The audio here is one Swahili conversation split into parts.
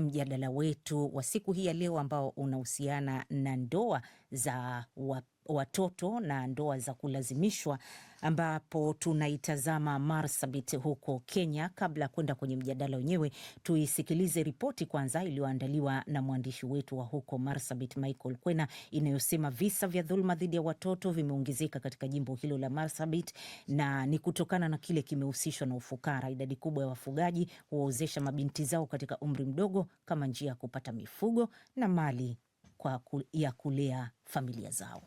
mjadala wetu wa siku hii ya leo ambao unahusiana na ndoa za wapi watoto na ndoa za kulazimishwa, ambapo tunaitazama Marsabit huko Kenya. Kabla ya kwenda kwenye mjadala wenyewe, tuisikilize ripoti kwanza iliyoandaliwa na mwandishi wetu wa huko Marsabit, Michael Kwena, inayosema visa vya dhuluma dhidi ya watoto vimeongezeka katika jimbo hilo la Marsabit, na ni kutokana na kile kimehusishwa na ufukara. Idadi kubwa ya wafugaji huwaozesha mabinti zao katika umri mdogo kama njia ya kupata mifugo na mali kwa ya kulea familia zao.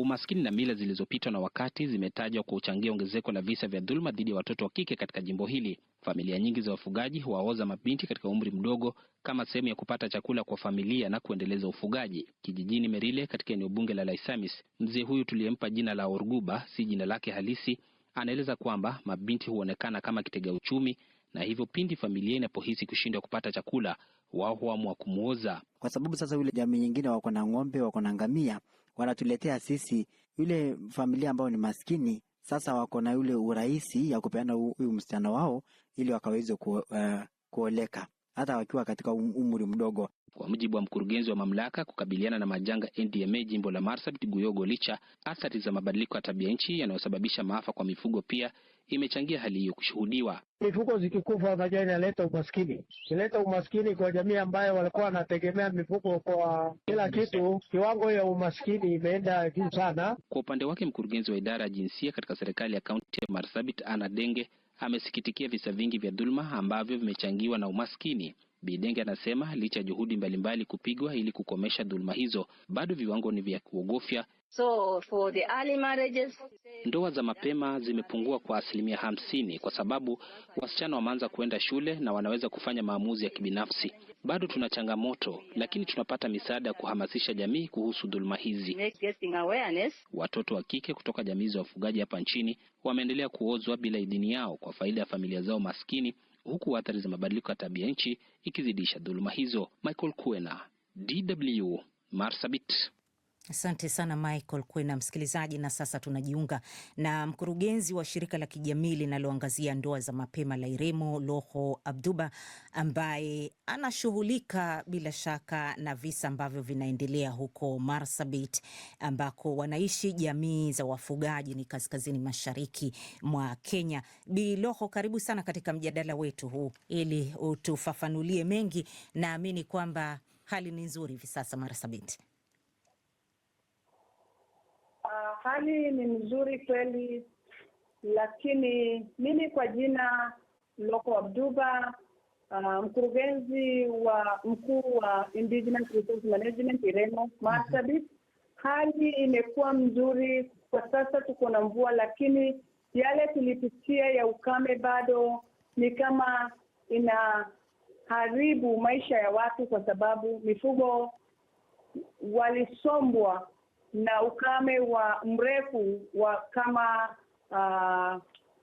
Umaskini na mila zilizopitwa na wakati zimetajwa kuchangia ongezeko la visa vya dhuluma dhidi ya watoto wa kike katika jimbo hili. Familia nyingi za wafugaji huwaoza mabinti katika umri mdogo kama sehemu ya kupata chakula kwa familia na kuendeleza ufugaji. Kijijini Merile katika eneo bunge la Laisamis, mzee huyu tuliyempa jina la Orguba, si jina lake halisi, anaeleza kwamba mabinti huonekana kama kitega uchumi na hivyo pindi familia inapohisi kushindwa kupata chakula wao huamua kumwoza, kwa sababu sasa yule jamii nyingine wako na ng'ombe, wako na ngamia, wanatuletea sisi yule familia ambao ni maskini, sasa wako na yule urahisi ya kupeana huyu msichana wao ili wakaweze ku, uh, eh, kuoleka hata wakiwa katika um-, umri mdogo. Kwa mujibu wa mkurugenzi wa mamlaka kukabiliana na majanga NDMA jimbo la Marsabit Guyogo, licha athari za mabadiliko ya tabia nchi yanayosababisha maafa kwa mifugo pia imechangia hali hiyo kushuhudiwa. Mifugo zikikufa, unajua inaleta umaskini, inaleta umaskini kwa jamii ambayo walikuwa wanategemea mifugo kwa kila kitu. Kiwango ya umaskini imeenda juu sana. Kwa upande wake, mkurugenzi wa idara ya jinsia katika serikali ya kaunti ya Marsabit Ana Denge amesikitikia visa vingi vya dhuluma ambavyo vimechangiwa na umaskini Bidenge anasema licha ya juhudi mbalimbali kupigwa ili kukomesha dhuluma hizo, bado viwango ni vya kuogofya. So for the early marriages... ndoa za mapema zimepungua kwa asilimia hamsini kwa sababu wasichana wameanza kuenda shule na wanaweza kufanya maamuzi ya kibinafsi. Bado tuna changamoto, lakini tunapata misaada ya kuhamasisha jamii kuhusu dhuluma hizi. Watoto wa kike kutoka jamii za wafugaji hapa nchini wameendelea kuozwa bila idhini yao kwa faida ya familia zao maskini huku athari za mabadiliko ya tabia nchi ikizidisha dhuluma hizo. Michael Kuena, DW, Marsabit. Asante sana Michael Kwena, msikilizaji. Na sasa tunajiunga na mkurugenzi wa shirika la kijamii linaloangazia ndoa za mapema la Iremo, Loho Abduba, ambaye anashughulika bila shaka na visa ambavyo vinaendelea huko Marsabit ambako wanaishi jamii za wafugaji, ni kaskazini mashariki mwa Kenya. Bi Loho, karibu sana katika mjadala wetu huu ili utufafanulie mengi. Naamini kwamba hali ni nzuri hivi sasa Marsabit. hali ni mzuri kweli, lakini mimi kwa jina Loko Abduba, uh, mkurugenzi wa mkuu wa Indigenous Resource Management Ireno Marsabit, mm-hmm. hali imekuwa mzuri kwa sasa, tuko na mvua, lakini yale tulipitia ya ukame bado ni kama inaharibu maisha ya watu, kwa sababu mifugo walisombwa na ukame wa mrefu wa kama uh, ah,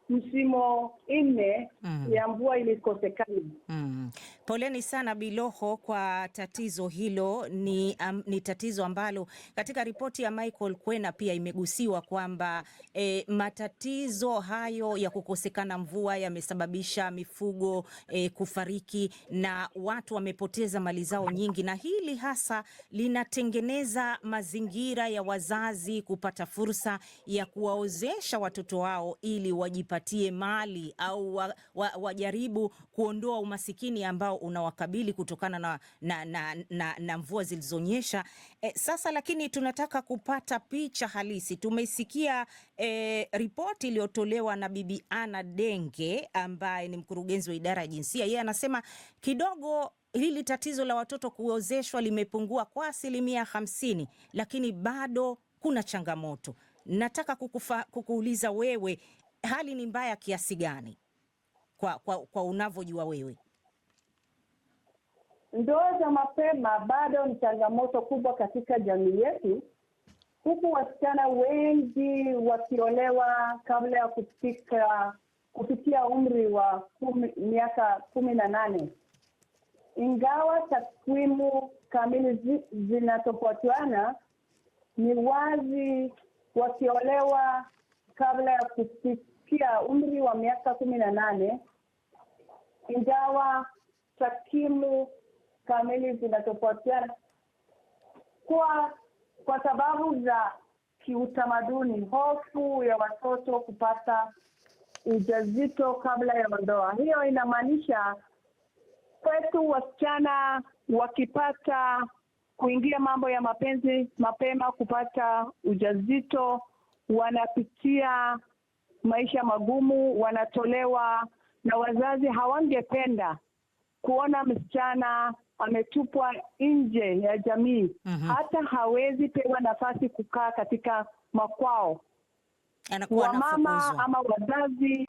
msimo nne mm. ya mvua ilikosekana mm. Poleni sana Biloho kwa tatizo hilo. Ni, um, ni tatizo ambalo katika ripoti ya Michael Kwena pia imegusiwa kwamba e, matatizo hayo ya kukosekana mvua yamesababisha mifugo e, kufariki na watu wamepoteza mali zao nyingi, na hili hasa linatengeneza mazingira ya wazazi kupata fursa ya kuwaozesha watoto wao ili wajipatie mali au wa, wa, wajaribu kuondoa umasikini ambao ambao unawakabili kutokana na, na, na, na, na mvua zilizonyesha e, sasa lakini tunataka kupata picha halisi. Tumesikia e, ripoti iliyotolewa na Bibi ana Denge ambaye ni mkurugenzi wa idara ya jinsia. Yeye anasema kidogo hili tatizo la watoto kuozeshwa limepungua kwa asilimia hamsini, lakini bado kuna changamoto. Nataka kukufa, kukuuliza wewe hali ni mbaya kiasi gani kwa, kwa, kwa unavyojua wewe? Ndoa za mapema bado ni changamoto kubwa katika jamii yetu, huku wasichana wengi wakiolewa kabla ya kufika kufikia umri wa kumi, miaka kumi na nane. Ingawa takwimu kamili zinatofautiana, ni wazi wakiolewa kabla ya kufikia umri wa miaka kumi na nane, ingawa takwimu kamili zinatofautiana kwa kwa sababu za kiutamaduni, hofu ya watoto kupata ujauzito kabla ya ndoa. Hiyo inamaanisha kwetu wasichana wakipata kuingia mambo ya mapenzi mapema, kupata ujauzito, wanapitia maisha magumu, wanatolewa na wazazi hawangependa kuona msichana ametupwa nje ya jamii uh-huh. hata hawezi pewa nafasi kukaa katika makwao. Wamama ama wazazi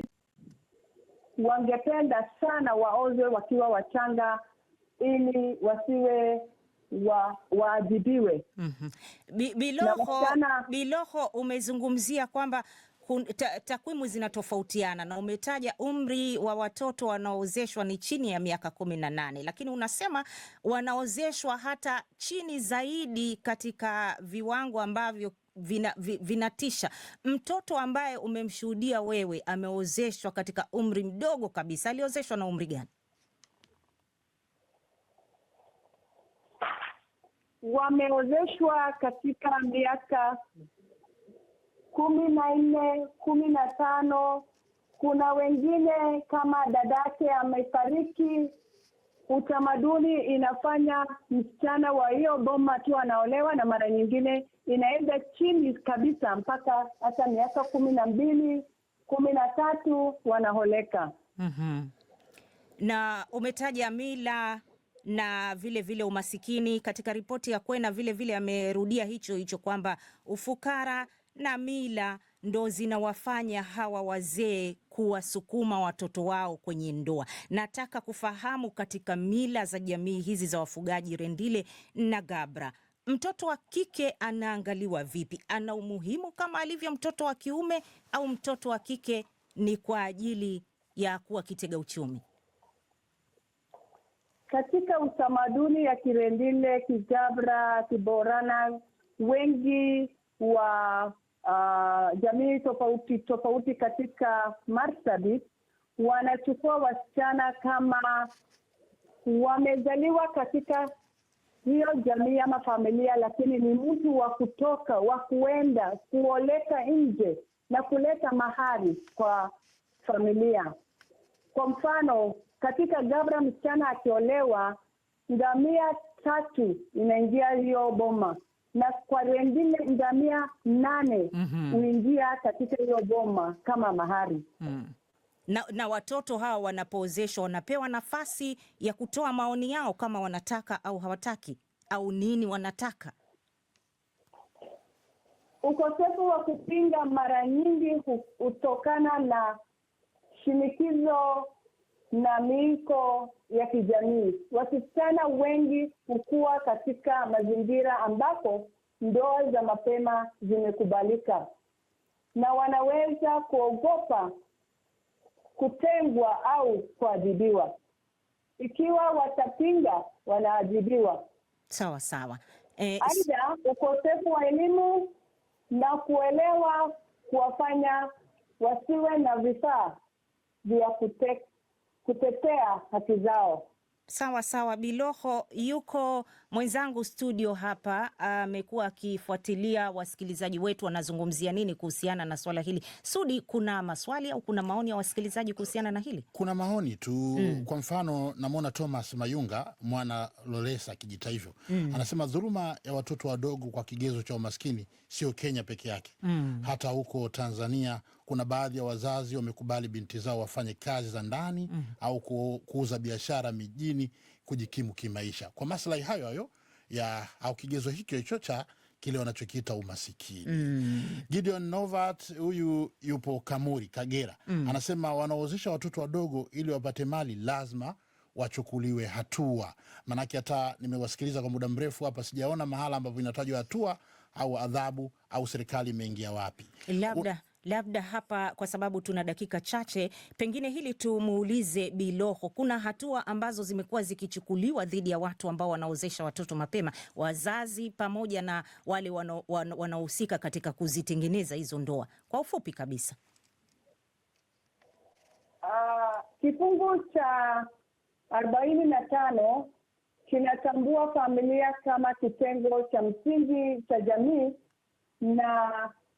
wangependa sana waozwe wakiwa wachanga ili wasiwe wa, waadhibiwe. mm -hmm. biloho biloho umezungumzia kwamba takwimu zinatofautiana na umetaja umri wa watoto wanaoozeshwa ni chini ya miaka kumi na nane, lakini unasema wanaozeshwa hata chini zaidi katika viwango ambavyo vina, vinatisha. Mtoto ambaye umemshuhudia wewe ameozeshwa katika umri mdogo kabisa, aliozeshwa na umri gani? Wameozeshwa katika miaka kumi na nne kumi na tano kuna wengine kama dadake amefariki utamaduni inafanya msichana wa hiyo boma tu anaolewa na mara nyingine inaenda chini kabisa mpaka hata miaka kumi na mbili kumi na tatu wanaholeka mm -hmm. na umetaja mila na vile vile umasikini katika ripoti ya Kwena vile vile amerudia hicho hicho kwamba ufukara na mila ndo zinawafanya hawa wazee kuwasukuma watoto wao kwenye ndoa. Nataka kufahamu katika mila za jamii hizi za wafugaji Rendile na Gabra, mtoto wa kike anaangaliwa vipi? Ana umuhimu kama alivyo mtoto wa kiume, au mtoto wa kike ni kwa ajili ya kuwa kitega uchumi? Katika utamaduni ya Kirendile, Kigabra, Kiborana wengi wa uh, jamii tofauti tofauti katika Marsabit wanachukua wasichana kama wamezaliwa katika hiyo jamii ama familia, lakini ni mtu wa kutoka wa kuenda kuoleka nje na kuleta mahari kwa familia. Kwa mfano, katika Gabra msichana akiolewa, ngamia tatu inaingia hiyo boma na kwa wengine ngamia nane mhm. huingia mm -hmm. katika hiyo boma kama mahari mm. Na, na watoto hawa wanapoozeshwa wanapewa nafasi ya kutoa maoni yao kama wanataka au hawataki au nini wanataka. Ukosefu wa kupinga mara nyingi hutokana na shinikizo na miiko ya kijamii. Wasichana wengi hukuwa katika mazingira ambapo ndoa za mapema zimekubalika na wanaweza kuogopa kutengwa au kuadhibiwa. Ikiwa watapinga, wanaadhibiwa. Sawa sawa. Eh, aidha ukosefu wa elimu na kuelewa kuwafanya wasiwe na vifaa vya kuteka kutetea haki zao. Sawa sawa, Biloho yuko mwenzangu studio hapa, amekuwa uh, akifuatilia wasikilizaji wetu wanazungumzia nini kuhusiana na swala hili. Sudi, kuna maswali au kuna maoni ya wasikilizaji kuhusiana na hili? Kuna maoni tu mm. Kwa mfano namwona Thomas Mayunga mwana Lolesa akijita hivyo mm. Anasema dhuluma ya watoto wadogo kwa kigezo cha umaskini sio Kenya peke yake mm. Hata huko Tanzania kuna baadhi ya wazazi wamekubali binti zao wafanye kazi za ndani mm. au kuuza biashara mijini kujikimu kimaisha kwa maslahi hayo hayo ya au kigezo hicho hicho cha kile wanachokiita umasikini mm. Gideon Novat huyu yupo Kamuri, Kagera mm. anasema wanaozisha watoto wadogo ili wapate mali lazima wachukuliwe hatua, maanake hata nimewasikiliza kwa muda mrefu hapa, sijaona mahala ambapo inatajwa hatua au adhabu au serikali imeingia wapi. Labda labda hapa, kwa sababu tuna dakika chache, pengine hili tumuulize Biloho, kuna hatua ambazo zimekuwa zikichukuliwa dhidi ya watu ambao wanaozesha watoto mapema, wazazi pamoja na wale wanaohusika wana katika kuzitengeneza hizo ndoa, kwa ufupi kabisa? Uh, kifungu cha arobaini na tano kinatambua familia kama kitengo cha msingi cha jamii na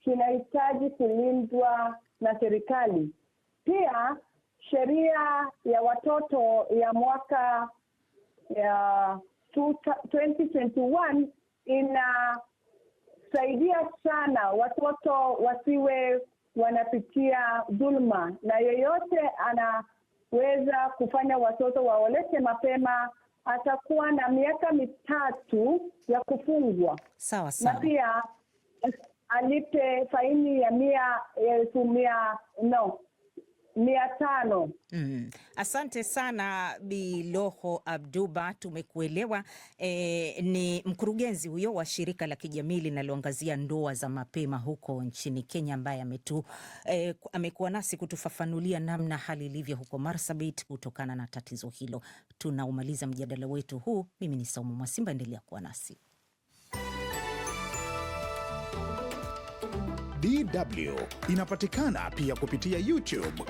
kinahitaji kulindwa na serikali. Pia sheria ya watoto ya mwaka ya 2021 inasaidia sana watoto wasiwe wanapitia dhuluma na yeyote anaweza kufanya watoto waoleke mapema atakuwa na miaka mitatu ya kufungwa. Sawa sawa. Na pia alipe faini ya mia elfu mia no mia tano. Mm. Asante sana Biloho Abduba, tumekuelewa. E, ni mkurugenzi huyo wa shirika la kijamii linaloangazia ndoa za mapema huko nchini Kenya ambaye ametu e, amekuwa nasi kutufafanulia namna hali ilivyo huko Marsabit kutokana na tatizo hilo. Tunaumaliza mjadala wetu huu. Mimi ni Saumu Mwasimba, endelea kuwa nasi. DW inapatikana pia kupitia YouTube.